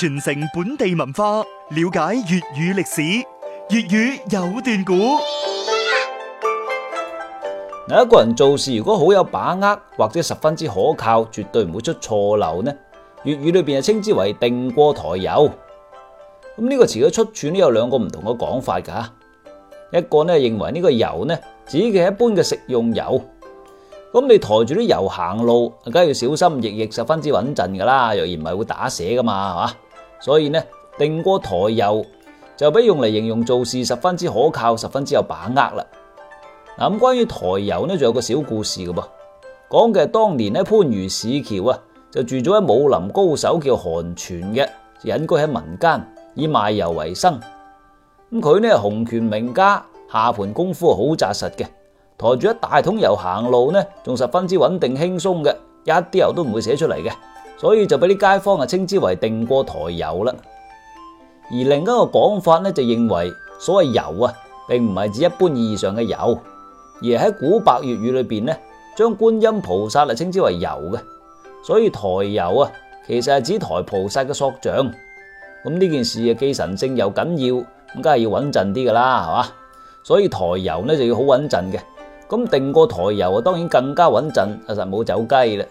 傳承本地文化，了解粵語歷史，粵語有段古。嗱，一個人做事如果好有把握，或者十分之可靠，絕對唔會出錯漏呢。粵語裏邊係稱之為定過抬油。咁呢個詞嘅出處都有兩個唔同嘅講法噶。一個呢，認為呢個油呢指嘅一般嘅食用油。咁你抬住啲油行路，梗係要小心翼翼，十分之穩陣噶啦。若然唔係會打瀉噶嘛，係嘛？所以呢，定過抬油就畀用嚟形容做事十分之可靠，十分之有把握啦。咁關於抬油呢，就有個小故事嘅噃，講嘅係當年喺番禺市橋啊，就住咗喺武林高手叫韓全嘅，就隱居喺民間，以賣油為生。咁佢呢，洪拳名家，下盤功夫好紮實嘅，抬住一大桶油行路呢，仲十分之穩定輕鬆嘅，一啲油都唔會瀉出嚟嘅。所以就俾啲街坊啊，稱之為定過抬油啦，而另一個講法咧，就認為所謂油啊，並唔係指一般意義上嘅油，而喺古百越語裏邊咧，將觀音菩薩啊稱之為油嘅，所以抬油啊，其實係指抬菩薩嘅塑像。咁呢件事啊，既神聖又緊要，咁梗係要穩陣啲㗎啦，係嘛？所以抬油咧，就要好穩陣嘅，咁定過抬油啊，當然更加穩陣，實冇走雞啦。